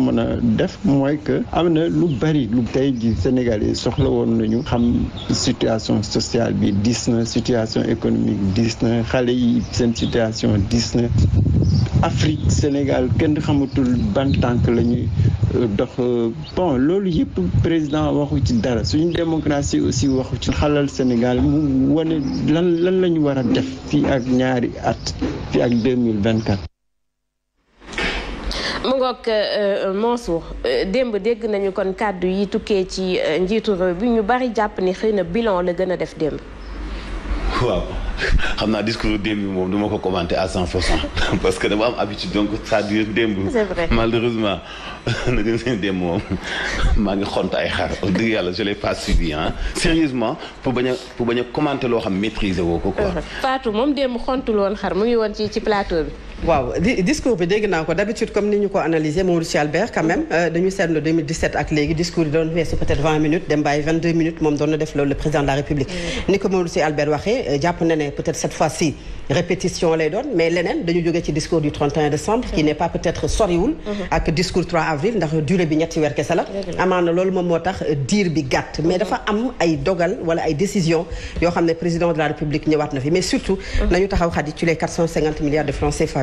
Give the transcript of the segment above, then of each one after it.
mën a def mooy que am na lu bari lu tey ji Sénégal yi soxla woon nañu xam situation sociale bi dis na situation économique diis na xale yi seen situation dis na Afrique Sénégal kenn xamatul ban tànk la ñuy euh, dox bon loolu yëpp président waxu ci dara suñu démocratie aussi waxu ci xalal Sénégal mu wane lan lan la ñu war a def fii ak ñaari at fii ak deux mille vingt-quatre mu ngoog euh, euh, Mansour euh, démb dégg nañu kon kàddu yi tukkee ci njitu rew bi ñu bari japp ni xeyna bilan la gëna def démb. waaw xamna naa discours démb bi moom du ko commenter à cent parce que dama am habitude donc traduire démb. c'est malheureusement na gën seen démb moom maa ngi xont ay xar wax yalla je l'ai pas suivi hein sérieusement pour baña pour baña commenter lo xam maîtriser wo ko quoi. Fatou mom démb xontul woon xar mu ngi won ci ci plateau bi waaw discours bi dégg ko d'habitude comme ni ñu ko analyser monsieur Albert quand même euh, dañu seetlu 2017 ak léegi discours yi doon weesu peut-être 20 minutes dem bàyyi 22 minutes moom doon def loolu le président de la République mm. ni ko monsieur Albert waxee euh, jàpp na ne peut-être cette fois-ci répétition lay doon mais leneen dañu jógee ci discours du 31 décembre qui mm. n'est pas peut-être soriwul mm-hmm. ak discours 3 avril ndax durée bi ñetti weer kese la amaana loolu moom moo tax euh, diir bi gàtt mm-hmm. mais dafa am ay dogal wala ay décision yoo xam président de la République ñëwaat na fi mais surtout mm-hmm. nañu taxaw xat ci les 450 milliards de francs CFA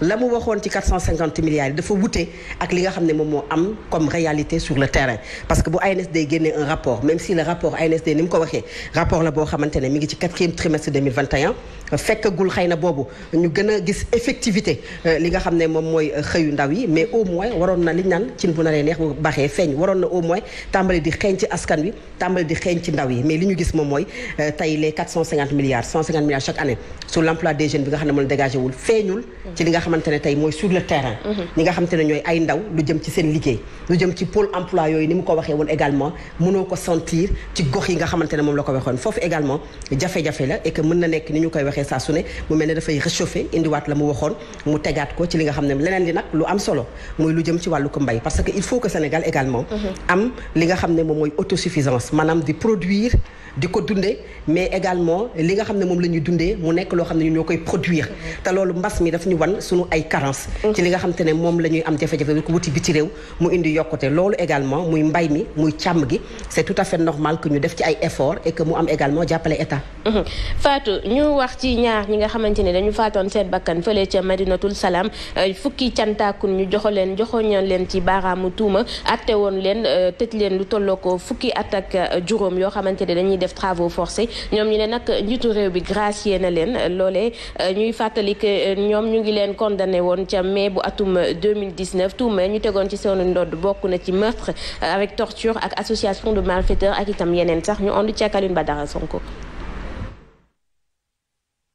L'amour, waxone ci 450 milliards il dafa wouté ak li nga xamné ne mo am comme réalité sur le terrain parce que bu ANSD génnee un rapport même si le rapport ANSD ni ko waxé rapport la bo xamanté ne mi ngi ci quatrième trimestre 2021 fekk gul xeyna bobu ñu nous gis effectivité euh, li nga xamné ne moy euh, xeyu ndaw yi mais au moins waron na li ñu ci bu na lay neex bu baxé feñ waron na au moins tàmbali di xeeñ ci askan wi di ndaw yi mais li ñu gis mom moy euh, tay les 450 milliards 150 milliards chaque année sur l'emploi des jeunes bi nga xamné mo moom la dégagé wul feñul ci li nga xamante ne tay moy sur le terrain mhm. ñi nga xamante ne ñooy ay ndaw lu jëm ci seen liggéey lu jëm ci pôle emploi yoy ni mu ko waxé won également mëno ko sentir ci gox yi nga xamante ne mom la ko waxoon fofu également jafé jafé la et que mëna nek ni ñu koy waxé sa su ne mu melni da fay réchauffer indi wat la mu waxoon mu tegaat ko ci li nga xam ne leneen li nak lu am solo moy lu jëm ci walu ko mbay parce que il faut que Sénégal également mhm. am li nga xam ne moom mooy autosuffisance manam di produire diko dundé mais également li nga xamné mom lañuy dundé mu nek lo xamné ne ñoo koy produire te lolu mbass mi daf ñu wan suñu ay carence ci li nga xam te ne moom am jafé jafé ko wuti biti rew mu indi yokkute lolu également muy mbay mi muy cham gi c'est tout à fait normal que ñu def ci ay effort et que mu am également jàppale état Fatou ñu wax ci ñaar ñi nga xamante ne dañu fatone sen bakkan fële ci Madinatul salam euh, fukki cantaakun ñu joxo leen leen ci baramu touma atté won leen euh, tëj leen lu tolloko fukki at ak yo euh, yoo xamante dañuy def travaux forcés ñoom ñu ne nag njiitu réew bi gracié na len lolé euh, ñuy fatali que euh, ñom ñu ngi len condamné won ci mai bu atum 2019 euh, tout tuuma ñu tegoon ci sonu ndodd bokku na ci meurtre avec torture ak association de malfaiteurs ak itam yeneen sax ñu ond ci ak Badara Sonko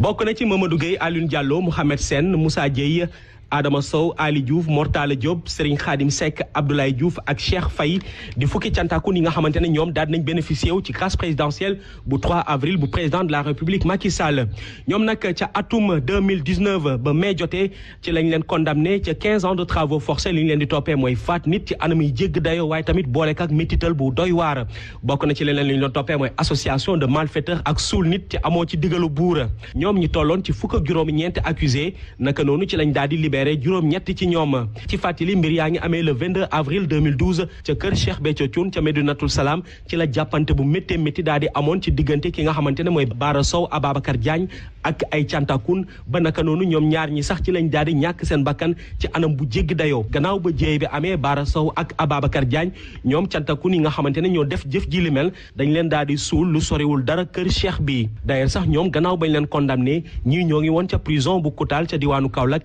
bokku na ci Mamadou Gueye Alioune Diallo mohamed sen Moussa Dieye Adama Sow Ali Diouf Mortale Diop Serigne Khadim Sek, Abdoulaye Diouf ak Cheikh Faye di fukki cantakun yi nga xamantene ñom daal nañ bénéficié ci grâce présidentielle bu 3 avril bu président de la République Macky Sall Ñom nak ci atum 2019 ba mai jotee ci lañ leen condamné ci 15 ans de travaux forcés liñ de leen di topé moy fat nit ci anam yi jégg dayo waaye tamit boolek ak bu doy na ci association de malfaiteurs ak suul nit ci amo ci digelu bour ñom ñi tollon ci accusé naka nonu ci lañ daal di libéré juróom ñetti ci ñoom ci fàttali mbir yaa ngi amee le 22 avril 2012 ca kër Cheikh Béthio Thioune ca Médinatul Salaam ci la jàppante bu méttee métti daal di amoon ci diggante ki nga xamante ne mooy Bara Sow Ababacar Diagne ak ay cantakun ba naka noonu ñoom ñaar ñi sax ci lañ daal di ñàkk seen bakkan ci anam bu jéggi dayoo gannaaw ba jéey bi amee Bara Sow ak Ababacar Diagne ñoom cantakun yi nga xamante ne ñoo def jëf ji li dañ leen daal di suul lu soriwul dara kër Cheikh bi d'ailleurs sax ñoom gannaaw bañ leen condamné ñii ñoo ngi woon ca prison bu Koutal ca diwaanu Kaolack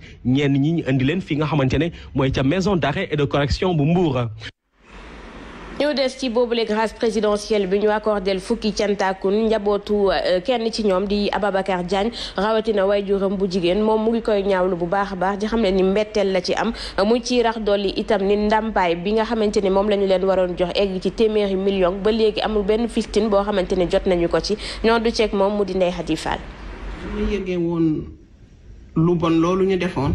ñi andi len fi nga xamantene moy ca maison d'arrêt et de correction bu Mbour ñoo des ci boobule grâce présidentielle bi ñu accordel fukki cantaakun njabootu euh, kenn ci ñom di ababakar Diagne rawati na waajuram bu jigen mom mu ngi koy ñaawlu bu baax baax di xam ne ni mbetteel la ci am mu ci rax doli itam ni ndàmpaay bi nga xamante mom lañu la ñu leen waroon jox egg ci téeméeri million ba légui amul ben fistine bo xamante ne jot nañu ko ci ñoo du ceeg mom mu di ndey hadifal Fall. dama won lu bon lolu ñu defoon.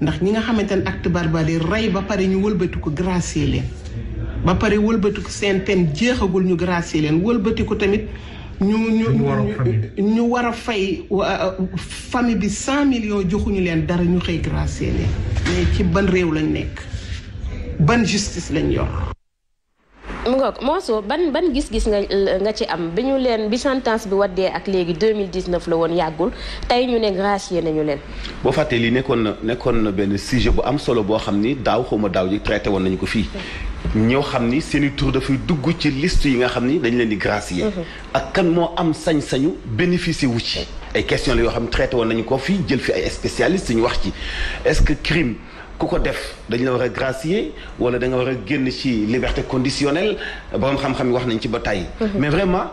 ndax ñi nga xamante ne acte barbarie rey ba pare ñu wëlbatiku gracier leen ba pare wëlbatiku seen peine jeexagul ñu gracier leen wëlbatiku tamit ñu ñu ñu war a fay famille bi cent million joxuñu leen dara ñu xëy gracier leen mais ci ban réew lañ nekk ban justice lañ yor mu ngoog Monso ban ban gis-gis nga nga ci am biñu len leen bi sentence bi waddee ak légui 2019 la won yagul tay ñu ne gracier nañu len bo faté li nekkoon na nekkoon na benn sujet bu am solo bo xamni daw xuma daw ji traité won nañu ko fi ñoo xamni ni seen i tur dafay dugg ci liste yi nga xamni dañ leen di gracier. Mhm. ak kan mo am sañ-sañu bénéficier wu ci. ay question la yo xam traité won nañu ko fi jël fi ay spécialistes ñu wax ci est-ce que crime ku def dañ la war a gracier wala da nga war a génn ci liberté conditionnelle borom xam-xam yi wax nañ ci ba tàyyi mhm. mais vraiment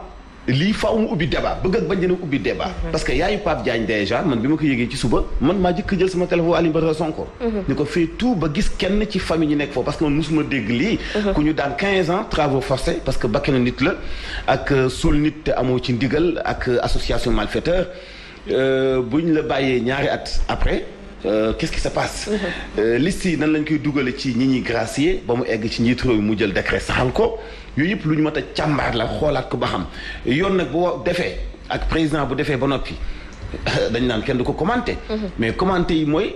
lii faaw mu ubbi débat bëgg ak bañ dina ubbi débat mhm. parce que yaayu Pape Diagne déjà man bi ma ko yëgee ci suba man maa jëkk jël sama téléphone Alioune Badara Sonko mhm. ni ko fii tout ba gis kenn ci famille ñi nekk foofu parce que man musuma dégg lii ku ñu daan 15 ans travaux forcés parce que bakke na nit la ak euh, sul nit te amoo ci ndigal ak euh, association malfaiteur euh, bu ñu la bàyyee ñaari at après Euh, qu'est-ce se passe. Mhm. Euh, liste yi nan lañ koy dugale ci ñi ñuy gracier ba mu egg ci njiitu yi mu jël décret saxal ko yooyu yëpp lu ñu mat a càmbaar la xoolaat ko ba xam yoon nag boo defee ak président bu defee ba noppi dañ naan kenn du ko commenter. Mhm. mais commenter yi mooy.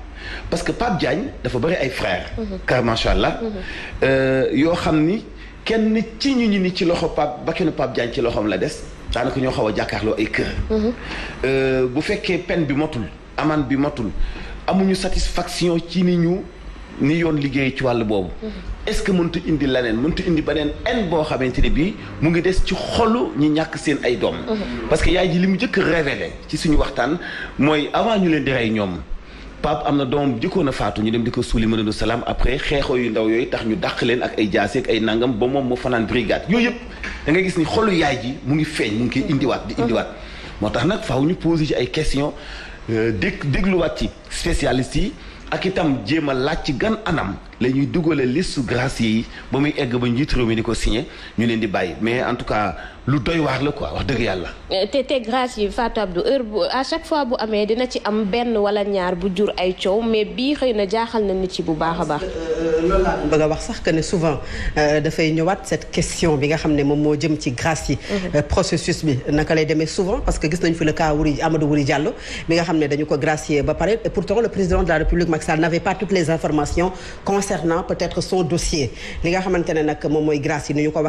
parce que Pape Diagne dafa bari ay frères. Mhm. car macha allah. Mhm. Euh, yoo xam ni kenn ci ñu ni ci loxo Pape ba kenn Pape Diagne ci loxoom la des daanaka ñoo xaw a jàkkaarloo ay kër. Mhm. Euh, bu fekkee peine bi motul amende bi motul amuñu satisfaction ci ni ñu. ni yoon liggéey ci wàll boobu. est-ce que mënut indi leneen mënut indi beneen en boo xamante ne bii mu ngi des ci xolu ñi ñàkk seen ay doom. parce que yaay ji li mu njëkk a ci suñu waxtaan mooy avant ñu leen di rey ñoom. Pape am na doom jëkkoon a faatu ñu dem di ko suuli Madinatu Salaam après xeexoo yu ndaw yooyu tax ñu dàq leen ak ay jaasi ay nangam ba moom mu fanaan brigade yooyu yëpp da nga gis ni xolu yaay ji mu ngi feeñ mu ngi koy indiwaat di indiwaat moo tax nag faaw ñu posé ci ay question euh, dég dégluwaat ci spécialistes yi ak itam jéem a laaj ci gan anam la ñuy dugale listu gracier yi ba muy egg ba njiit réew mi di ko signé ñu leen di bàyyi mais en tout cas lu doy waar la quoi wax dëgg yàlla. Eh, te te gracier yi Fatou Abdou heure bu à chaque fois bu amee dina ci am benn wala ñaar bu jur ay coow mais bii xëy na jaaxal na nit ci bu baax a baax. Euh, loolu laa wax sax que ne souvent euh, dafay ñëwaat cette question bi nga jëm processus souvent parce que gis fi le cas Amadou Diallo nga dañu ko gracier ba pourtant le président de la République Macky n'avait pas toutes les informations concernant peut-être son dossier li nga xamante ne nag moom mooy grâce ñu ko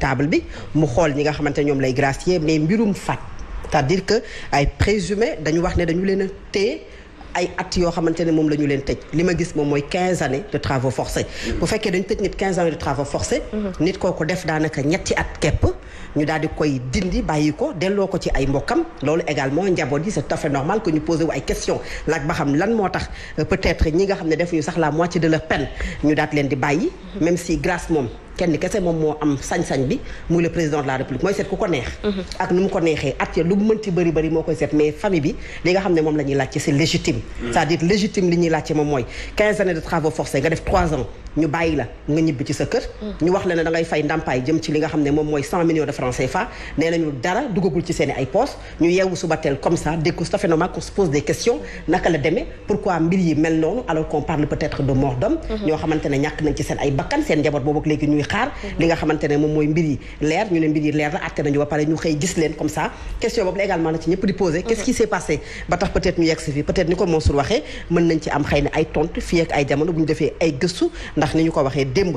table bi mu nga gracier mais c'est-à-dire que ay présumé dañu wax dañu ay at yoo xamante ne moom la ñu leen tëj li ma gis moom mooy 15 années de travaux forcés mm-hmm. bu fekkee dañ tëj nit 15 années de travaux forcés mm-hmm. nit kooku def daanaka ñetti at képp ñu daal di koy dindi bàyyi ko delloo ko ci ay mbokam loolu également njaboot yi c'est tout à fait normal que ñu poser wu ay question laaj ba xam lan moo euh, peut-être ñi nga xam ne ñu sax la moitié de leur peine ñu daat leen di bàyyi mm-hmm. même si grâce moom kenn kese moom moo am sañ-sañ bi muy le président de la république mooy seet ku ko neex mhm. ak nu mu ko neexee at ya lu mu mënti bëri bëri moo koy seet mais famille bi li nga xam ne moom la ñuy laajte c'est légitime mhm. c'est-à-dire légitime li ñuy laajte moom mooy quinze années de travaux forcés nga def 3 ans ñu bàyyi la nga ñibbi ci sa kër mhm. ñu wax la ne da ngay fay ndàmpaay jëm ci li nga xam ne moom mooy cent millions de francs CFA nee nañu dara dugagul ci seen ay poches ñu yeewu subatel comme ça dégg ko phénomène fait se pose des questions naka la demee pourquoi mbir yi mel noonu alors qu'on parle peut-être de mort d'homme ñoo xamante ne ñàkk nañ ci seen ay bakkan seen njaboot boobu léegi ñuy xaar li nga xamante ne moom mooy mbir yi leer ñu ne mbir yi leer na àtte nañu ba pare ñu xëy gis leen comme ça question boobu la également na ci ñëpp di posé qu'est-ce qui s'est passé ba tax peut-être ñu yegg si fii peut ni ko Mansour waxee mën nañ ci am xëy na ay tontu fii ay jamono bu ñu defee ay gëstu ndax ni ñu ko waxee démb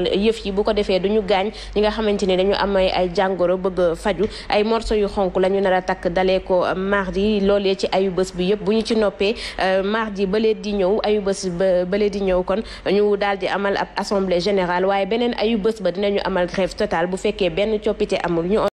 yombal yëf yi bu ko defee du ñu gaañ ñi nga xamante ni dañu amay ay jàngoro bëgg faju ay morso yu xonk la ñu nar a takk dalee ko euh, mardi loolee ci ayu bës bi yëpp bu ñu ci noppee euh, mardi balee di ñëw ayu bés balee di ñëw kon ñu daal di amal ab assemblée générale waaye beneen ayu bés ba dinañu amal grève totale bu fekkee benn coppite amul